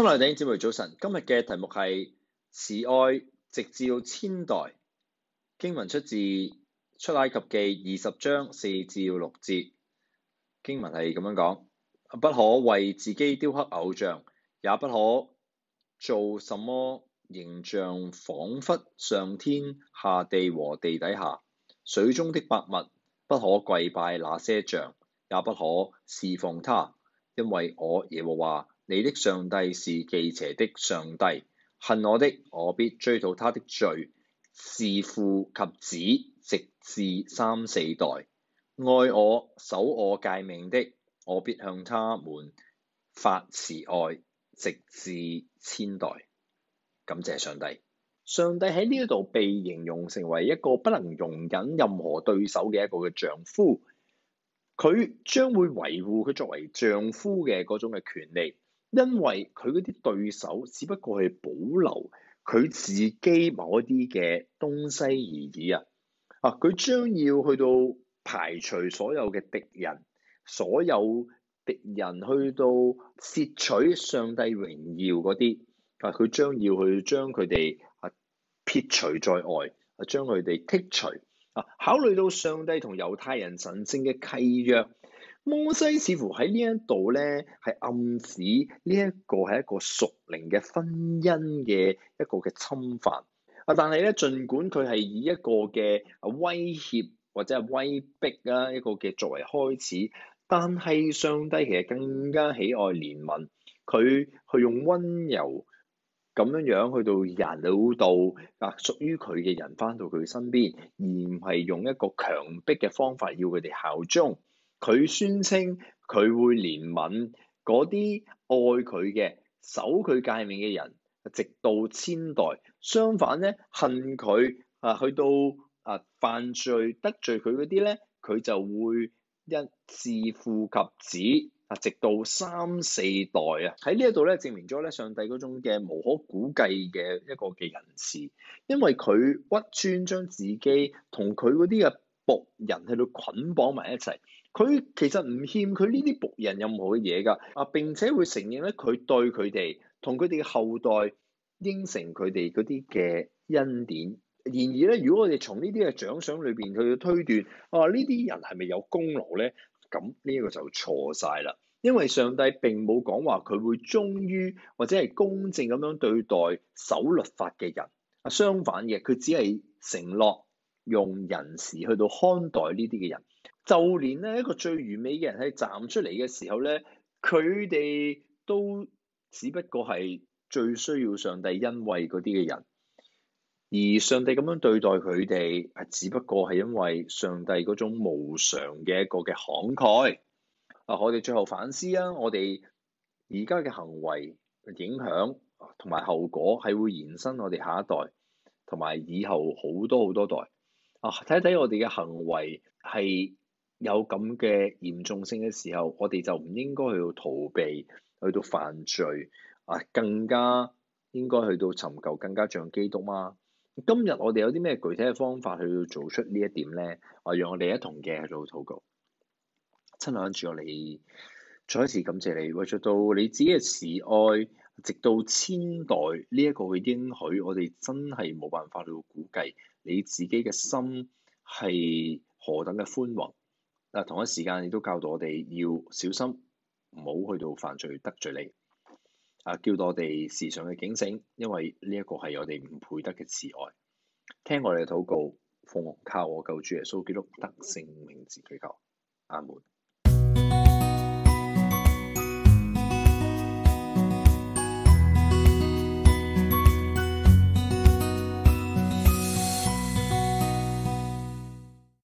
親愛的弟兄姊妹，早晨，今日嘅題目係慈愛直至到千代，經文出自出埃及記二十章四至六節，經文係咁樣講：不可為自己雕刻偶像，也不可做什麼形象，仿彿上天下地和地底下水中的百物，不可跪拜那些像，也不可侍奉他，因為我耶和華。你的上帝是忌邪的上帝，恨我的，我必追討他的罪，自父及子，直至三四代愛我、守我誡命的，我必向他們發慈愛，直至千代。感謝上帝，上帝喺呢一度被形容成為一個不能容忍任何對手嘅一個嘅丈夫，佢將會維護佢作為丈夫嘅嗰種嘅權利。因為佢嗰啲對手只不過係保留佢自己某一啲嘅東西而已啊！啊，佢將要去到排除所有嘅敵人，所有敵人去到竊取上帝榮耀嗰啲啊，佢將要去將佢哋啊撇除在外啊，將佢哋剔除啊。考慮到上帝同猶太人神聖嘅契約。摩西似乎喺呢一度咧，係暗示呢一個係一個屬靈嘅婚姻嘅一個嘅侵犯啊！但係咧，儘管佢係以一個嘅啊威脅或者係威逼啊一個嘅作為開始，但係上帝其實更加喜愛憐憫佢去用温柔咁樣樣去到引導啊屬於佢嘅人返到佢身邊，而唔係用一個強迫嘅方法要佢哋效忠。佢宣稱佢會憐憫嗰啲愛佢嘅守佢誡命嘅人，啊直到千代。相反咧，恨佢啊去到啊犯罪得罪佢嗰啲咧，佢就會一自父及子，啊，直到三四代啊。喺呢一度咧，證明咗咧上帝嗰種嘅無可估計嘅一個嘅仁慈，因為佢屈尊將自己同佢嗰啲嘅。僕人喺度捆綁埋一齊，佢其實唔欠佢呢啲僕人任何嘅嘢㗎，啊並且會承認咧佢對佢哋同佢哋嘅後代應承佢哋嗰啲嘅恩典。然而咧，如果我哋從呢啲嘅獎賞裏邊去推斷，啊呢啲人係咪有功勞咧？咁呢個就錯晒啦，因為上帝並冇講話佢會忠於或者係公正咁樣對待守律法嘅人，啊相反嘅，佢只係承諾。用人時去到看待呢啲嘅人，就連咧一個最完美嘅人喺站出嚟嘅時候咧，佢哋都只不過係最需要上帝恩惠嗰啲嘅人，而上帝咁樣對待佢哋，係只不過係因為上帝嗰種無常嘅一個嘅慷慨。啊！我哋最後反思啊，我哋而家嘅行為影響同埋後果係會延伸我哋下一代，同埋以後好多好多代。啊！睇一睇我哋嘅行為係有咁嘅嚴重性嘅時候，我哋就唔應該去到逃避，去到犯罪啊！更加應該去到尋求更加像基督嘛。今日我哋有啲咩具體嘅方法去做出呢一點咧？啊，讓我哋一同嘅喺度禱告。親愛嘅主啊，你再一次感謝你，為著到你自己嘅慈愛。直到千代呢一個嘅應許，我哋真係冇辦法去估計你自己嘅心係何等嘅寬宏。啊，同一時間亦都教導我哋要小心，唔好去到犯罪得罪你。啊，叫到我哋時常嘅警醒，因為呢一個係我哋唔配得嘅慈愛。聽我哋嘅禱告，奉靠我救主耶穌基督得勝名字祈求，阿門。